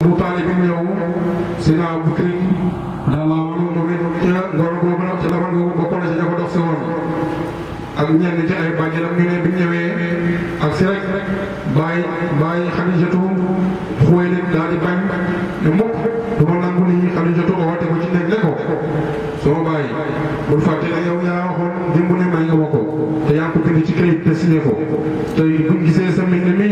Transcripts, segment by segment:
Abu Taalib bi mu ñëw Seydina Abu Bakr radiyallaahu anhu moom it ca ngor boobu nag ko dox si woon ak ñenn ci ay bàjjenam ñu ne bi ak si rek bàyyi bàyyi Xadijatu Xuwaylid daal di bañ ne mukk du ma nangu ni Xadijatu woote ko ci nekk ne ko bàyyi bul fàtte ne yow yaa waxoon démb ne may nga woo ko te yaa ko bind ci këyit te signé ko te buñ gisee sa mbind mi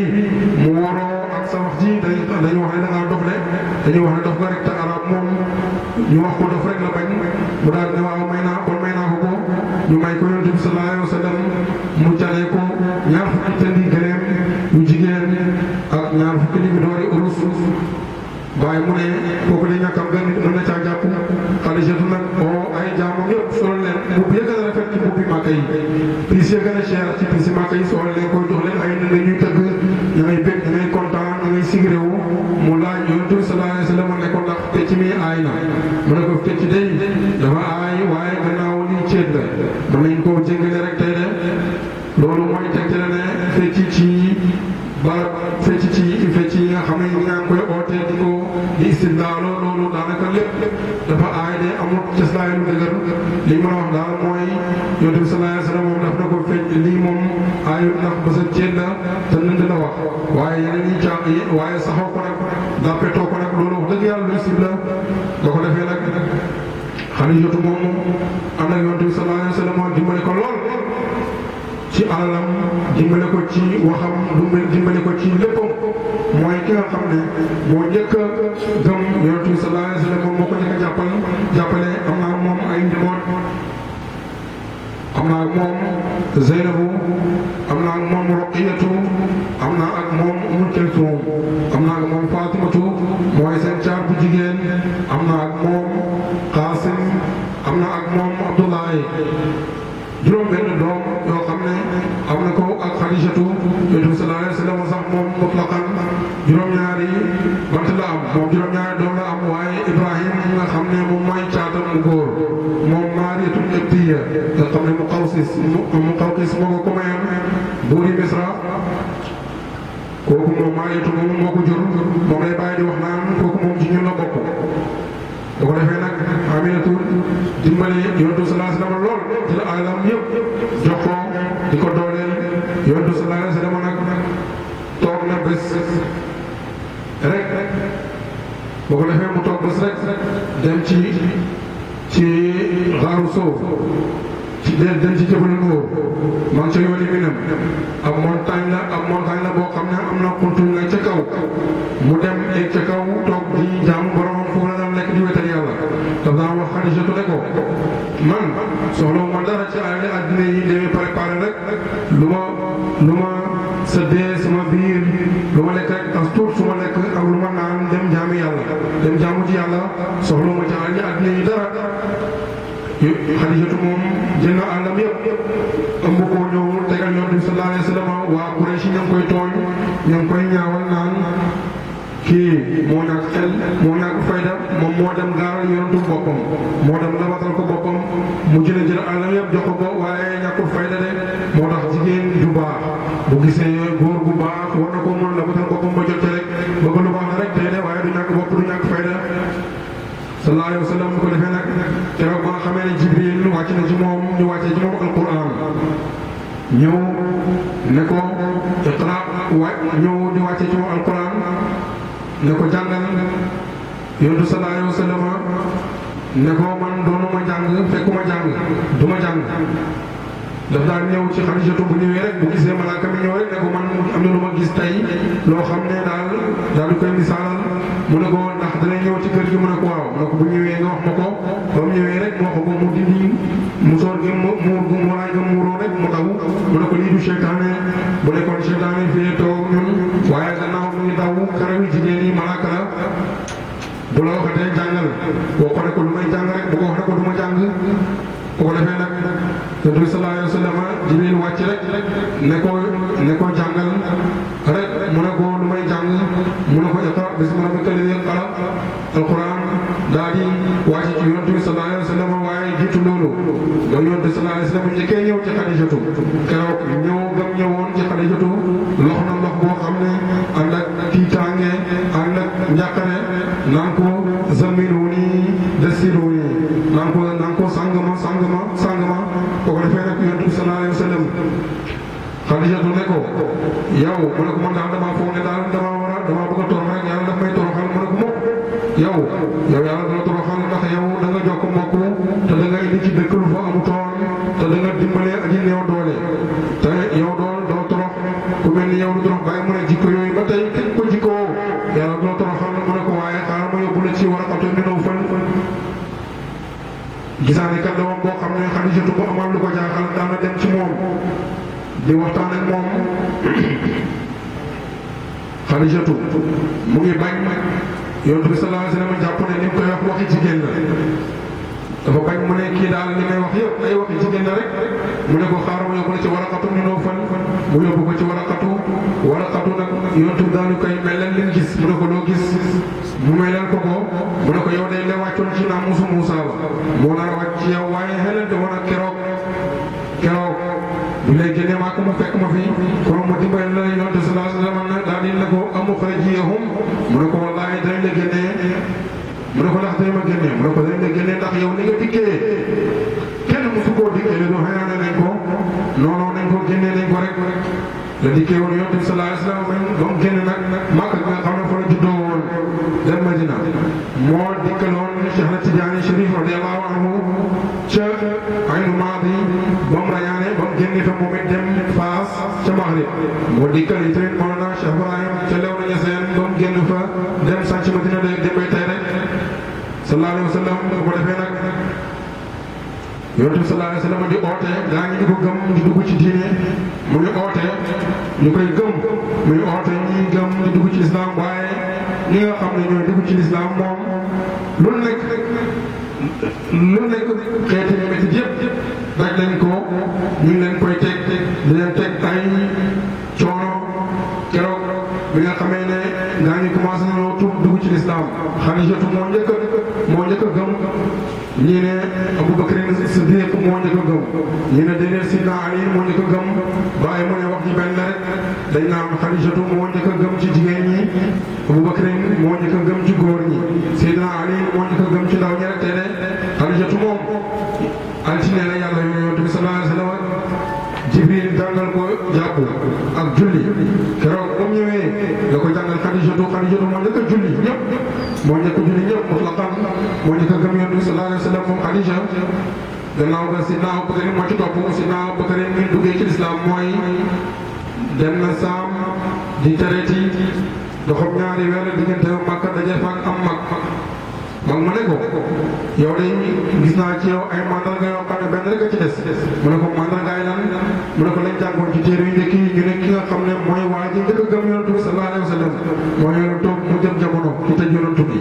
dañuy wax ne daf nga rek te moom ñu wax ko daf rek la bañ mu daal ne waaw may naa kon ñu may ko yonent bi sallallahu alayhi wa sallam mu jaree ko ñaar fukki waaye mu ne kooku ne ñàkkam benn mën na caa jàpp Xadijatu nag oo oh, ay jaamam yëpp solo leen bu yëgal rafet ci boppi màkk yi prix yi gën a cher ci prix bësën ceeb la te nënd la wax waaye yeneen yi caa waaye saxoo ko nag dàppetoo ko nag loolu wax dëgg yàlla lu sib la ko defee nag Xadijatu moomu am na ko ci waxam lu ko ci léppam mooy ki xam ne moo ko njëkk a jàppal jàppale am naa moom ay njaboot am naa moom. Zeynabu am naa ak moom ak moom Umu Kulsum am naa ak moom Fatimatu bu jigéen am naa ak moom Qaasim am naa ak moom Abdullahi juróom benn doom yoo xam ne na ko ak moom mutlaqan juróom-ñaari moom juróom-ñaari doom la am waaye Ibrahim xam ne moom mooy caatam mu góor moom Maariyatu Qibtiyya nga xam ne Muqawqis Muqawqis moo ko ko mayoon buuri Misra kooku moom maa yetu moom moo ko jur moom lay bàyyi di wax naan kooku moom ci ñun la bokk. da ko defee nag Aminatu dimbali yontu sallallahu alayhi wa sallam lool ci la alalam yëpp jox ko di ko dooleel yontu sallallahu alayhi wa sallam nag toog na bés rek boo ko defee mu toog bés rek dem ci ci xaaru soow. den den ci jëfandikoo man ca yooni minam ab montagne la ab montagne la boo xam ne am na xuntu ngay ca kaw mu dem eeg ca kaw toog di jaamu boromam foofu la daan lekk di wetal yàlla daf daan wax Xadijatu ne ko man soxla ma dara ci àll àddina yi demee préparé rek lu ma lu ma sa dee sama biir lu ma lekk rek as tuut lekk ak lu ma naan dem jaami yàlla dem jaamu ci yàlla soxla ma ci àll àddina yi dara xadijatu moom jël na àllam yëpp ëmb koo ñëw tegal yoon bi sallallahu alayhi wa sallam waa Quraysh ña ngi koy tooñ ña koy ñaawal naan kii moo ñàkk xel moom moo dem gaaral yonentu boppam moo dem labatal ko boppam mu jële jël àllam yëpp jox ko waaye ñàkkul fayda de moo tax jigéen du baax bu gisee yooyu ñëw ne ko iqra wa ñëw di wàcce ci moom alquran ne ko jàngal yontu sallallahu alayhi wa sallam ne ko man doonuma jàng fekkuma jàng du jàng daf daan ñëw ci xarijatu bu ñëwee rek bu gisee malaaka mi ñëw rek ne ko man am na gis tey loo xam ne daal daal koy misaalal mu ne ko ndax dana ñëw ci kër gi mu ne ko waaw mu ne ko bu ñëwee nga wax ma ko ba mu ñëwee rek wax ko mu dindi mu soor gi mu muur gu mu laaj mu muuroo rek mu daw mu ne ko lii du seytaane bu nekkoon seytaane fee toog ñun waaye gannaaw mu ngi daw karawi jigéen yi malaaka la bu la waxatee jàngal boo ko ne ko lu may jàng rek bu ko wax ne ko du ma jàng bu ko defee nag yonent bi sallallahu alayhi wa sallam jibril wàcc rek ne ko ne ko jàngal rek mu ne ko lu may jàng mu ne ko bisimilah mu tëdd leen xalam alquran daa di wàcc ci yonent bi sallallahu alayhi wa sallam waaye jiitu loolu ba yonent bi sallallahu alayhi wa sallam njëkkee ñëw ci xadijatu keroog ñëw ba mu ci xadijatu lox na ndox boo xam ne ànd ak tiitaange ànd ak njàqare naan ko zammiluuni dasiluuni naan ko naan ko sang ma sang ma sang ma boo ko defee nag yonent bi sallallahu alayhi wa sallam xadijatu ne ko yow mu ne ko man daal damaa foog ne daal yow yow yàlla dana toroxal ndax yow da nga jokk mbokk te da indi ci dëkk lu fa amutoon te da nga dimbale aji doole te yow dool doo torox ku mel ni yow du torox bàyyi mu ne jikko yooyu ba tey kañ ko jikkoo yàlla dana toroxal mu ne ko waaye xaaral ma yóbbu la ci war a xamte mi naw fan gisaane daana dem ci moom di waxtaan ak moom xadisatu mu ngi bañ yonent bi sallallahu alayhi wa sallam mu koy wax waxi jigéen la dafa bañ mu ne kii daal li may wax yëpp ay waxi jigéen la rek mu ne ko xaaral mu yóbbu ko ci waraqatu waraqatu nag yonent bi daal ñu koy mel leen gis mu ne ko loo gis mu may ko ko mu ne ko yow day la wàccoon ci naa musu ba moo nar a wàcc yow waaye xelante woon ak keroog keroog bu ñu lay génnee fekk ma fi kon mu dimbali la yonte sallallahu alayhi wa sallam daal di la ko amu xarajiyahum mu ne ko wallaahi dañ la génnee mu ne ko ndax dañ ma génnee mu ne ko dañ la génnee ndax yow ni nga dikkee kenn mosu koo dikkee ne du xëyaane nañ ko non non nañ ko génnee nañ ko rek la mu dikkal yi tamit Mawlana Cheikh Ibrahim ca lew nañu fa dem sànc Madina de dem bay tey rek sallallahu alayhi di oote gaa di ko gëm di dugg diine mu ngi oote ñu koy gëm muy oote ñuy gëm di dugg ci lislaam waaye ñi xam ne ñooy dugg ci lislaam moom lu nekk lu nekk xeeti métti yëpp daj nañ ko ñu ngi leen koy teg di leen teg Xadijatu moo njëkk a moo njëkk a gëm ñii ne Abubakar Siddiq moo njëkk a gëm ñii ne déedéet Sidna Ali moo a gëm waaye mu ne wax ji ci jigéen ñi Abubakar moo njëkk ci góor ñi du Xadija moo njëkk a julli ñëpp moo njëkk a julli ñëpp mutlaqan moo njëkk a gëm yonent bi sallallahu alayhi wa sallam moom Xadija gannaaw ba Sidna Abubakar moo ci topp Sidna Abubakar mi duggee ci lislaam mooy dem na saam di tereeti doxam ñaari weer diggante Makka daje fa ak am mag moom mu ne ko yow de gis naa ci yow ay mandarga yoo xam ne benn rek a ci des mu ne ko mandarga yi lan mu ne ko lañ jàngoon ci téere yu njëkk yi ñu xam ne mooy waa ji njëkk a gëm yonent bi sallallahu alayhi wa sallam mooy mu jëm jamono ci tëj yonent bi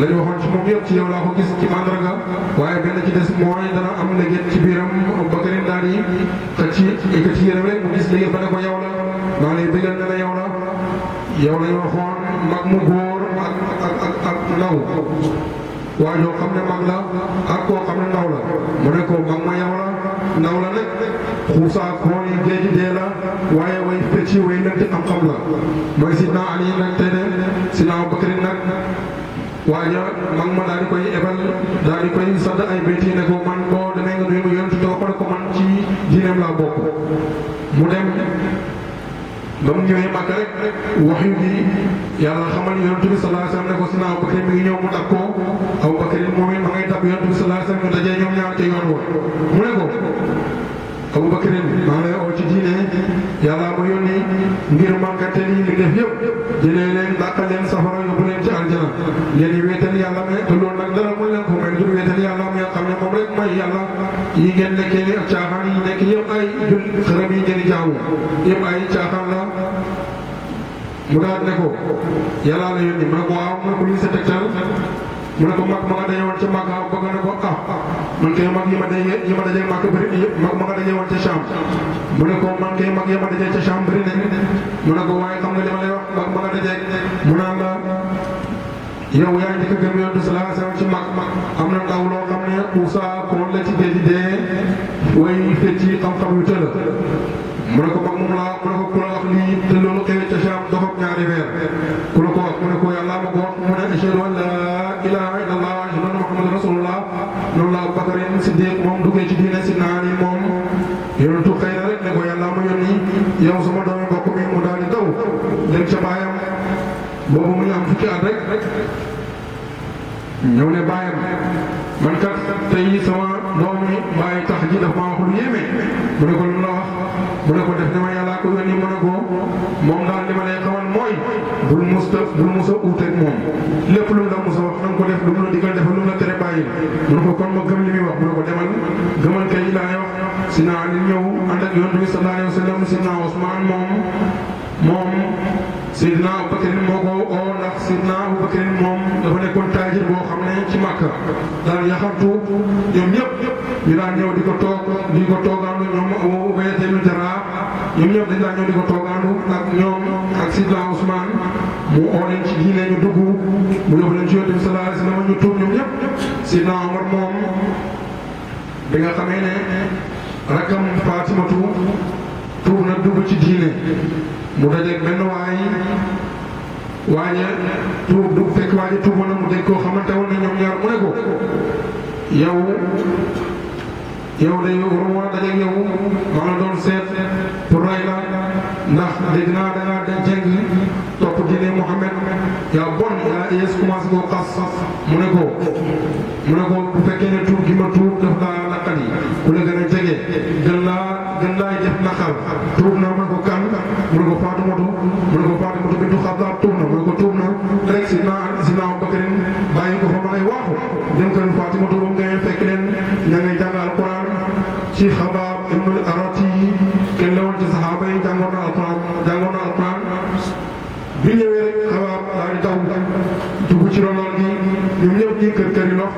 la ñu waxoon ci moom yëpp ci yow laa ko gis ci mandarga waaye benn ci des mooy dana am léget ci biiram bakarin daal yi te ci ci yéram rek mu gis léegi ba ko yow la maa lay bëggal ne la yow la yow la ñu waxoon mag mu góor ndaw waaye ñoo xam ne mag la ak koo xam ne ndaw la mu ne ko mag ma yow la la nag xuusaa koon yi géej dee la waaye way fecci way nanti xam-xam la mooy sidna Ali nag tey de sidna Abubakar nag waaye mag ma daal koy ebal daal koy sadd ay béyti ne ko man boo demee nga nuyu ma yonent too ko man ci diineem laa bokk mu dem ba mu ñëwee màkk rek waxyu bi yàlla i yonent bi sallallahu alayhi wasallam ne ko sina Abu Bakar mi ngi ñëw mu dab ko Abu Bakar moom it ma ngay dab yonent bi sallallahu alayhi wasallam ñu dajee ñoom ñaar ca yoon wa mu ne ko Aboubacarin maa ngi lay oo ci diine yàlla ma yónni ngir mànkante ni li def yëpp jëlee leen dàqal leen safara yóbbu leen ci aljana ngeen di wéetal yàlla mais te loolu nag dara mu leen ko may yàlla ne yi ngeen nekkee nii ak yi nekk yëpp ay jul yi ngeen jaamu yëpp ay caaxaan la mu daal ne ko yàlla la yónni ma ne ko waaw ma ko luy sa tegtal mu ne ko mag ma nga daje ca mag bëgg na ma daje yi ma daje mag ma nga daje woon ca Cham mu ne ko man kay mag yi ma daje ca Cham bëri ne ko waaye ma lay wax mag ma nga la ko gëm yow des laa ci mag ci géej dee way fecc xam-xam yu tëla mu ne ko mag moom laa mu ne ko ku la wax lii te loolu xewee ñëw ne bàyyam man kat tey sama doomi bàyyi tax ji dafa maa wax lu yéeme mu ne ko lu la wax mu ne ko def ne ma yàllaa ko yónni mu ne ko moom daal li ma lay xamal mooy bul mus a bul mus a uute ak moom lépp lu mu la mus a wax na nga ko def lu mu la digal def lu mu la tere bàyyi mu ne ko kon ma gëm li muy wax mu ne ko demal gëmal kay laa wax si naa li ñëw ànd ak yonent bi sallallahu alayhi wa sallam si naa Ousmane moom moom si naa Bakar moo ko oo Seydina Abubakar moom dafa nekkoon taajir boo xam ne ci Màkka daan yaxantu ñoom ñëpp ñu daan ñëw di ko ñoom Abu ñoom ñëpp dañ daan di ko toogaandu ak ñoom ak Seydina Ousmane mu oo ci diine ñu dugg mu yóbbu leen ci Yonent bi sallallahu alayhi wa sallam ñu tuub ñoom ñëpp Seydina Omar moom bi nga xamee ne rakkam Fatimatu tuub na dugg ci diine mu dajeeg benn waay waaye tuub du fekk waaña tuub mën a mu dégg koo xamante woon ne mu ne ko yow yow day waroon war a dajeeg yow ma la doon seet pour rey la ndax dégg naa da ngaa dem jàng topp diine Muhammad bon yaa yees commencé mu ne ko mu ne ko bu tuub gi ma tuub daf laa naqari ku la gën a jege Sakal tuub na mu ne ko kan mu ne ko Faatumatu mu ne ko Faatumatu bintu Xattaab tuub na mu ne ko tuub na rek si naa si naa Bakrin bàyyi ko fa ma ngay waaxu dem kër Faatumatu ba mu ngay fekk leen ña ngay jàng alquran ci Xabaab ibnul Arati kenn la woon ci saxaaba yi jàngoon na alquran jàngoon na alquran bi ñëwee rek Xabaab daal di taw dugg ci ronal gi ñoom ñëpp ñii kër kër yi ndox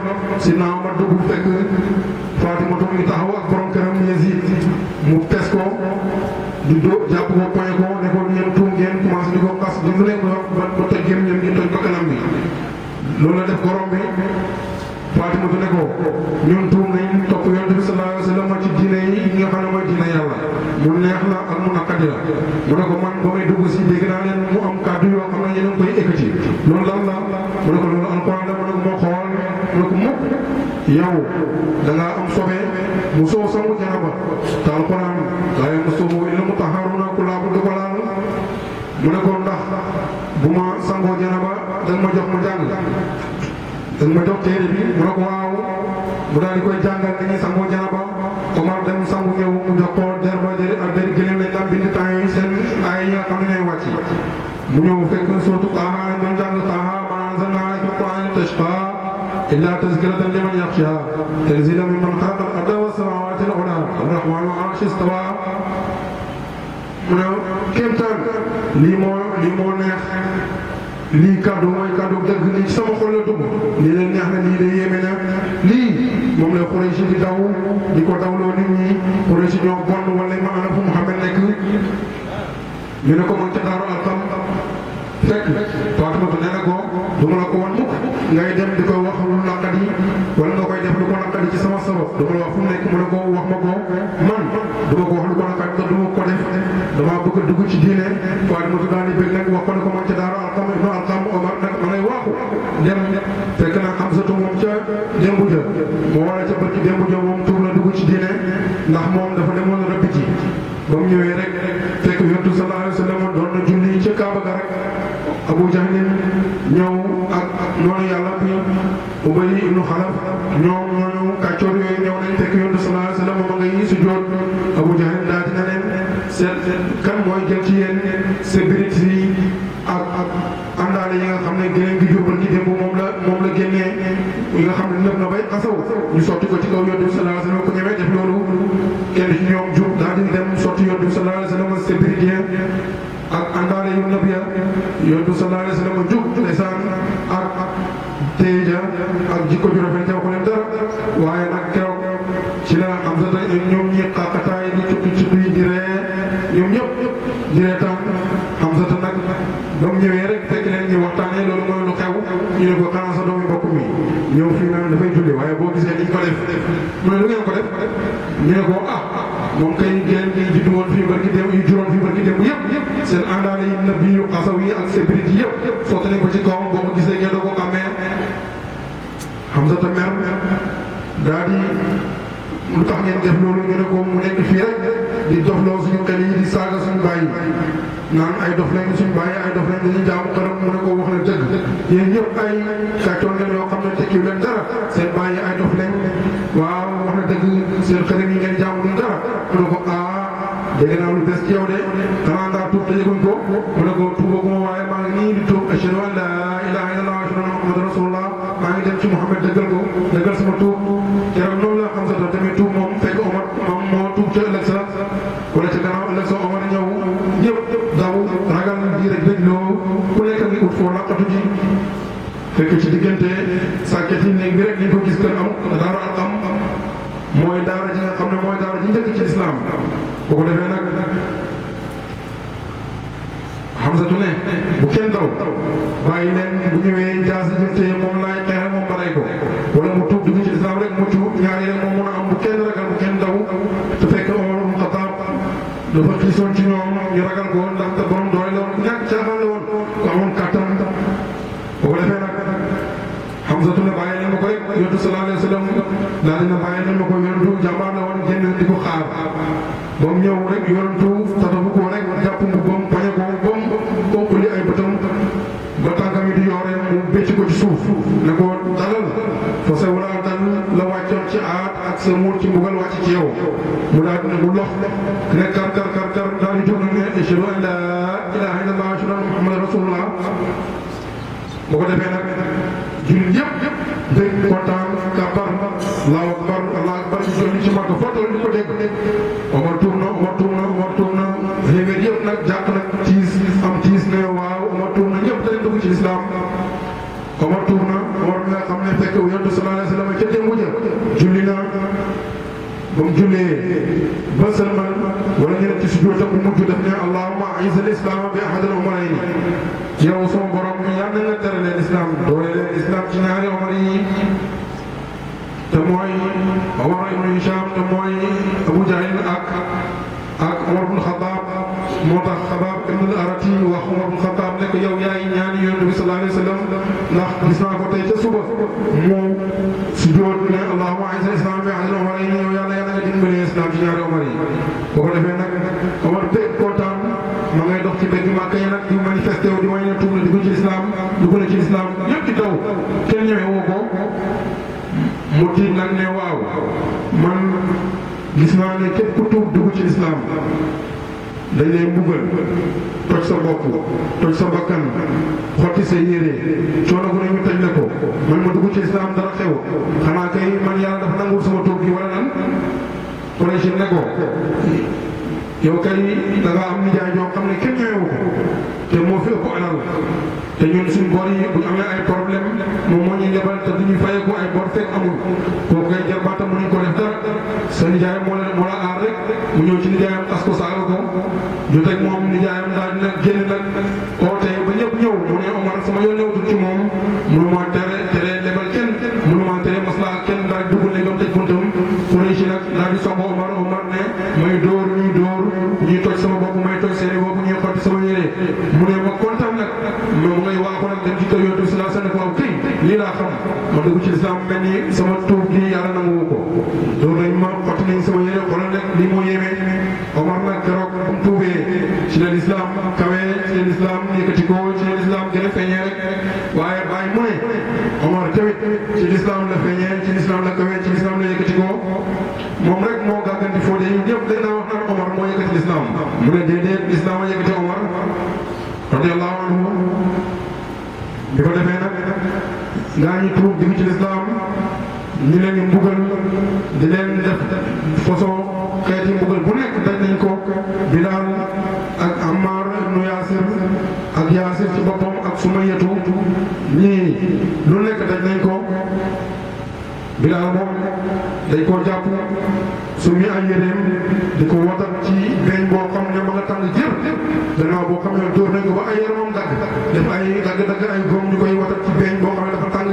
si naa ma dugg fekk Faatumatu mu ngi taxaw jàpp ko poye ko ne ko tuum ngeen commencé di ko xas di lu leen loolu la def gorom bi Faatimatu ne ko ñoom tuum nañ topp yonent bi sallallahu alayhi wa sallam ci diine yi nga xam ne mooy diine yàlla mu neex la ak mu naqadi la mu ne ko mu am kàddu a mu ne ko loolu alquran mu ne ko mu ne ko mukk da ngaa am sobe mu soo sangu dañ ma jox téere bi mu ne ko waaw mu te di koy jàngal dañuy sangoo janaba Omar dem mu jox der ba jëri ak der gëléem lañ daan bind temps yi seen ay yi nga xam ne ñooy wàcc mu ñëw fekk surtout Taaha lañ doon jàng Taaha maa anzalnaa alayka al-Qur'aana litashqaa illaa tazkiratan liman yaxshaa tanziilan mimman xalaqa al-arda was-samaawaati al-ulaa ar-rahmaanu alal arshi stawaa mu ne kéemtaan lii moo lii moo neex lii kàddu mooy kàddu dëgg ñoo bon wala ma ana fu Mouhamed nekk ñu ne ko moom ca Daaru Alxam fekk Faatumata nee na ko du ma la ko wan mukk ngay dem di ko wax lu naqadi wala nga koy def lu ko naqadi ci sama sabab du ma la wax fu mu nekk mu ne ko wax ma ko man du ma ko wax lu ko naqadi te du ma ko def damaa bëgg a dugg ci diine Faatumata daal di bëgg nag wax ko ne ko moom ca Daaru Alxam ibnu Alxam Omar nag ma lay waaxu dem fekk naa am sa moom ca démb ja moo wala ca bët démb ja moom ci diine ndax moom dafa demoon a rëbb ji ba mu ñëwee rek fekk yontu sallallahu alayhi wa sallam doon na julli ca Kaaba ga rek Abu Jahlin ñëw ak noonu yàlla bi Ubay ibnu Xalaf ñoom ñooñu kàccoor yooyu ñëw nañ fekk yontu sallallahu alayhi wa sallam ma ngay sujjoot Abu Jahlin daal dina leen seet kan mooy jël ci yéen sa birit yi ak ak àndaale yi nga xam ne xasaw ñu sotti ko ci kaw yonent bi sallallahu alayhi wa sallam ku ñemee def loolu kenn ci ñoom jub daal di dem sotti yonent bi sallallahu alayhi wa sallam c'est bridien ak àndaale yu nabiya yonent bi sallallahu alayhi wa sallam nee ko ah moom kay ngeen ngi juddu woon fii barki démb yu juróom fii barki démb seen àndaale yi na bi yu xasaw yi ak sébrit yi ko ci kawam boo ko gisee ngeen doo ko xàmmee xam sa ta mer daa di lu tax ngeen def ko mu nekk fii rek di dofloo suñu xel yi di saaga suñu bàyyi naan ay dof lañ suñu bàyyi ay dof lañ dañuy jaamu dëgg seen xërëm yi ngeen jaamu duñ dara mu ne ko ah dégg naa lu bees ci yow de xanaa ngaa tuub te yëguñ ko mu ne ko tuubaguma waaye maa ngi nii di tuub ashhadu an laa ilaaha illallaah wa ashhadu anna muhammadan rasulullah maa ngi dem ci Muhammad dëggal ko dëggal sama tuub keroog loolu la xam sa tax tamit tuub moom fekk Omar moom moo tuub ca ëllëg sa wala ca gannaaw ëllëg sa Omar ñëw ñëpp daw ragal ji rek dëgg loo ku nekk ngi ut foo laqatu ji fekk ci diggante sàkket yi néeg bi rek liñ ko gis kër am bu ko defee nag Hamzatu ne bu kenn daw bàyyi leen bu ñëwee jaasi jëm te moom laay xeexal moom ba rey ko wala mu tuub dugg ci islam rek mu tuub ñaari rek moom mun a am bu kenn ragal bu kenn daw te fekk Omar mu Xataab dafa xiisoon ci ñoom ñu ragal ko ndax te borom doole la woon ñàkk caaxaan la woon ko amoon kàttan bu ko defee nag Hamzatu ne bàyyi leen ma ko rek yontu sallallahu alayhi wa sallam daal dina ba mu ñëw rek yorantu te dafa ko rek jàpp mbubbam bañ a ko bom ëppali ay bëtam ba tànkam yi di yooree mu bécc ko ci suuf ne ko dalal fa sawlaa la wàccoon ci aat ak sa ci mbugal wàcc ci yow mu daal ne bu lox ne kar kar kar kar daal di jóg ne ashhadu an laa ilaaha illallaah ashhadu anna muhammadan ko defee ko dégg ba sëlmal wala ñu def ci sujjóot bu mujj def ne allahumma a'izz al-islam bi ahadil umarayni yow sama borom yàlla na nga tere leen islam doole leen islam ci ñaari omar yi te mooy Omar ibn Hisham te mooy Abu Jahl ak ak Omar ibn Khattab moo tax xabaab ibnul arati wax Umar bu Xattaab ne ko yow yaay ñaani yonent bi sallallahu alayhi wa sallam ndax gis naa ko tey ca suba mu si jóot ne allahumma a'izz al-islam bi ahli umar yi yow yàlla yàlla nga dimbalee islam ci ñaari umar yi boo ko defee nag Umar bëgg kontaan ma ngay dox ci bëgg Màkka yi nag di manifesté wu di may ne tuub na dugg ci islam dugg na ci islam ñëpp di daw kenn ñëwee woo ko mu tiit nag ne waaw man gis naa ne képp ku tuub dugg ci islam dañ lay mbugal toj sa bopp toj sa bakkan xotti sa yére coono bu ne ñu toj la ko man ma dugg ci islam dara xew xanaa kay man yàlla dafa nangul sama toog gi nan ko yow kay da nga am nijaay yoo ne kenn ñëwewu ko te moo fi ëpp alal te ñun suñ bor yi bu ñu amee ay problème moom moo ñuy lebal te duñu fayeeku ay bor fekk amul kay jarbaatam mënuñ ko dara sa nijaay moo moo la aar rek mu ñëw ci nijaayam tas ko ma yónneewutul ci moom mënu ma tere tere lebal kenn mënu ma tere maslaa kenn daal dugg ne ñoom tëj buntam Quraysh nag daal di soxla Omar Omar ne may dóor ñuy dóor ñuy toj sama bopp may toj seeni bopp ñuy xotti sama yére mu ma kontaan nag moom ngay waaxu nag dem ci kër yonent bi sallallahu alayhi wa sallam waaw kay lii laa xam ma dugg ci lislaam mel ni sama tuub ma xotti nañ gën a feeñee waaye bàyyi mu ne Omar tamit ci lislaam la feeñee ci lislaam la kawee ci lislaam la yëkkati ko moom rek moo gàgganti foo de ñun ñëpp dañ naa wax naan Omar moo yëkkati lislaam mu ne déedéet lislaam a yëkkati Omar radiyallahu anhu bi ko defee nag ngaa ñu tuub di ci lislaam ñu leen di mbugal di leen def façon xeeti mbugal bu nekk daj nañ Bilaal Ammaar ak yaasin ci boppam ak suma yetu ñii lu nekk daj nañ ko bilaal moom dañ koo jàpp su muy ay yéreem di ko watat ci beñ boo xam ne ma nga tàng jër gannaaw boo xam ne dóor nañ ko ba ay yaramam dagg def ay dagg dagg ay góom ñu koy watat ci beñ boo xam ne dafa tàng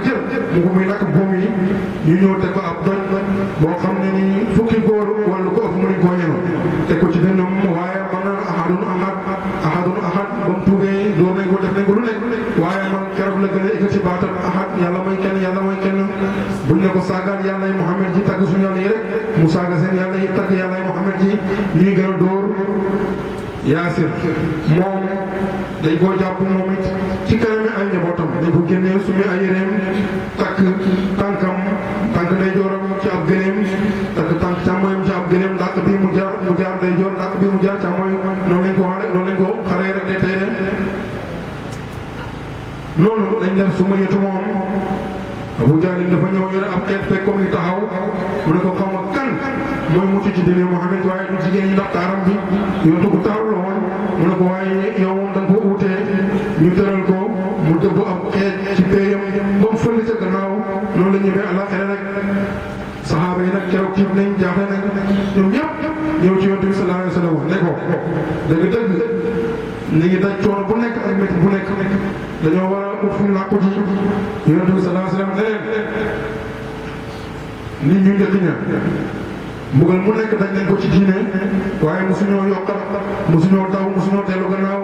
mu ko muy nag góom ñu ñëw ko ab doj boo xam ne nii dëgg suñu yoon yi rek Moussa nga seen yàlla yi takk yàlla yi Mouhamed yi ñuy gën a dóor Yaasir moom dañ koo jàpp moom it ci kanam ay njabootam dañ ko génnee suñu ay yéreem takk tànkam tànk ndeyjooram ci ab gëneem takk tànk càmmoyam ci ab gëneem ndàkk bi mu jaar noonu lañ ko xare noonu lañ ko xaree rek de tey de loolu dañ def su Abu Jaalin dafa ñëw yore ab xeet fekk comme ni taxaw mu ne ko xaw ma kan mooy mucc ci dine Muhammad waaye du jigéen ñi ndax taaram bi yontu ko taaru la woon mu ne waaye yow moom da nga ko uutee ñu tëral ko mu dëbb ab xeet ci péeyam ba mu fële ca la ñu ñëwee àllaaxira rek saxaaba yi nag keroog tiit nañ jaaxle nañ ñoom ñëpp ñëw ci yontu bi sallallahu alayhi wa sallam ne ko dëgg dañoo war a ut fu ñu làqu ji yonent bi salaa salaam ne leen nit ñu njëkk ña mbugal mu nekk dañ leen ko ci diine waaye mosuñoo yokkat mosuñoo daw mosuñoo teelu gannaaw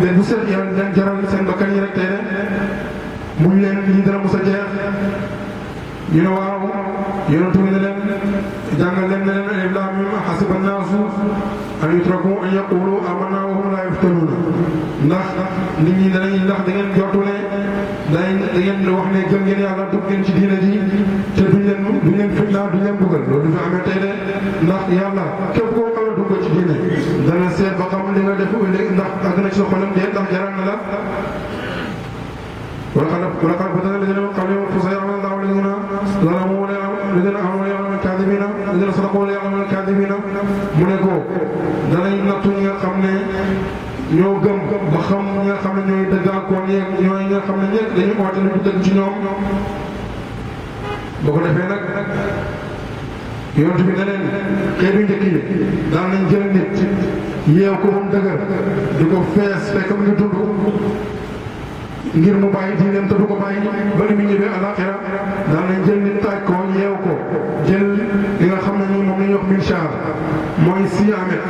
leen bu seet yàlla leen jaral seen bakkan yi rek tey de muñ leen lii dara mos a jeex ñu ne waaw yonent bi ne leen jàngal leen ne leen alif laam a xasiba naasu an yutraku an yaqulu amanna wa hum laa yuftanuuna ndax nit ñi danañ ndax da ngeen jortu da ngeen wax ne gëm ngeen yàlla dugg ngeen ci diina ji te duñ leen duñ leen fitna duñ leen buggal loolu du fi amee tey de ndax yàlla képp koo xam ne dugg ci diine dana seet ba xam li nga def ndax àgg na ci sa xolam na la wala xanaa wala xanaa ba xamul yawmal kaadibiina mu ne ko danañ nattu ñi nga xam ne ñoo gëm ba xam ñi nga xam ne ñooy dëggaakoon yeeg ñooy ne ñëpp dañuy oote lu du dëgg ko defee nag yonent ne leen xëy du njëkk yi daan nañ jël nit ko moom dëgër di ko fees fekk mu ngi dund ngir mu bàyyi diineem te du ko bàyyi ba ni mu ñëwee àllaaxira daan nañ jël nit taaj ko yeew ko mooy si Ahmed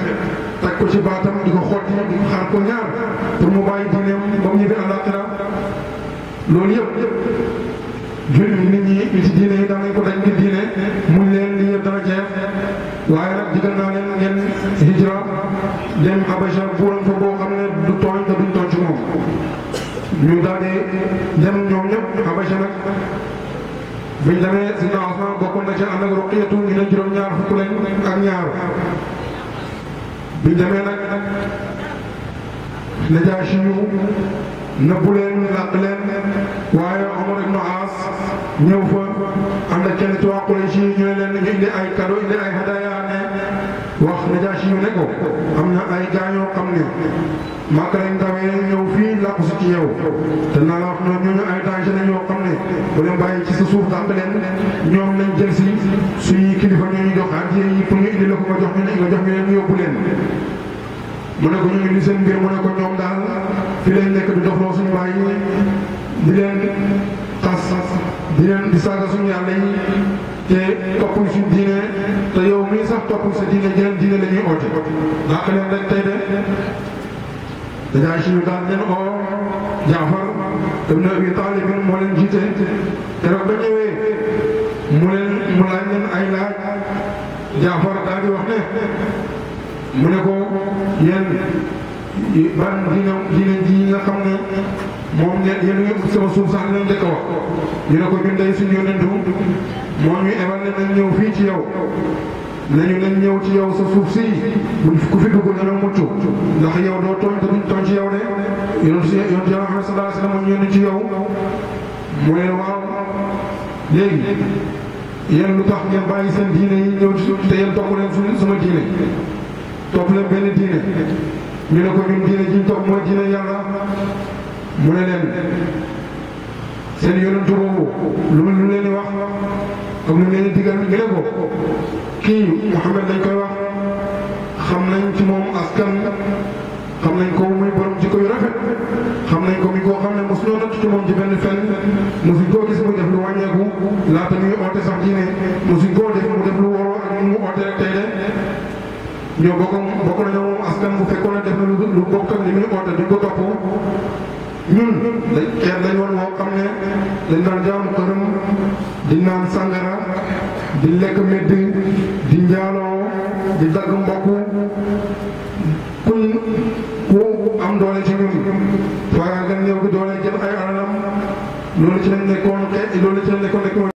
teg ci baatam di ko xotti xaar ko ñaar pour mu bàyyi diineem ba mu ñibbi àllaaxira loolu yëpp jur nit ñi ñu ci diine yi daan nañ ko dañ ngir diine muñ leen li yëpp dana jeex waaye nag digal naa leen ngeen hijra dem Habacha buuram fa boo xam ne du tooñ te duñ tooñ ci moom ñu daal di dem ñoom ñëpp Habacha biñ demee si naaw sama bokkoon na ca ànd ak ruqiyatu ñu ne juróom-ñaar fukk lañ ak ñaar biñ demee nag najaasi yu nëbbu leen làq leen waaye Omar ibn Aas ñëw fa ànd ak kenn ci waa Quraysh yi ñu ne leen ñu indi ay cadeau indi ay hadaya ne wax najaasi yu ne ko am na ay gaañoo xam ne. màkk lañ dawee ñëw fii làkku si ci yow te naa la wax noonu ñooñu ay danger la ñoo xam ne bu leen bàyyi ci sa suuf dàmb leen ñoom lañ jël si suñuy kilifa ñooñu jox addiya yi pour nga indi la jox nga jox ñu yóbbu leen mu ne ko ñu ngi li seen mbir mu ne ko ñoom daal fi leen nekk di doxloo suñu bàyyi di leen xas di leen di saaga suñu yàlla yi te toppul suñu diine te yow mii sax toppul sa diine jeneen diine la ñuy oote dàq rek tey de Najaasi yu daal leen oo Jaafar ibn Abi Taalib moo leen jiite keroog ba ñëwee mu leen mu laaj ay laaj Jaafar daal di wax ne mu ne ko yéen ban diine ji nga xam ne moom ñe yéen sama suuf sax leen njëkk a wax ñu ne ko ñun day suñu yonent moo ñu ebal ne nañ ñëw fii ci yow. nañu nañ ñëw ci yow sa suuf si ku fi dugg dana mucc ndax yow doo tooñ te duñ tooñ ci yow de yonent si yonent yàlla Muhammad sallallahu alayhi wa sallam ñëw ci yow mu ne waaw léegi yéen lu seen diine yi ñëw ci te yéen topp leen suñu sama diine topp leen benn diine ñu ne ko ñun diine ji ñu mu ne leen seen yonent boobu lu leen di wax comme ni leen digal gëne ko kii Mouhamed dañ koy wax xam nañ ci moom askan xam nañ ko muy borom jikko yu rafet xam nañ ko koo xam ne mosuloo natt ci moom ci benn fenn mu def koo def mu def lu wóoroo ak a oote rek tey de ñoo bokk bokk nañoo askan bu fekkoon ne def na lu bokk ak li muy oote duñ ko topp ñun dañ xeet lañ woon woo di naan sangara lekk medd di njaaloo di dagg mbokk kuñ ku am doole loolu ci lañ nekkoon xeet loolu ci lañ nekkoon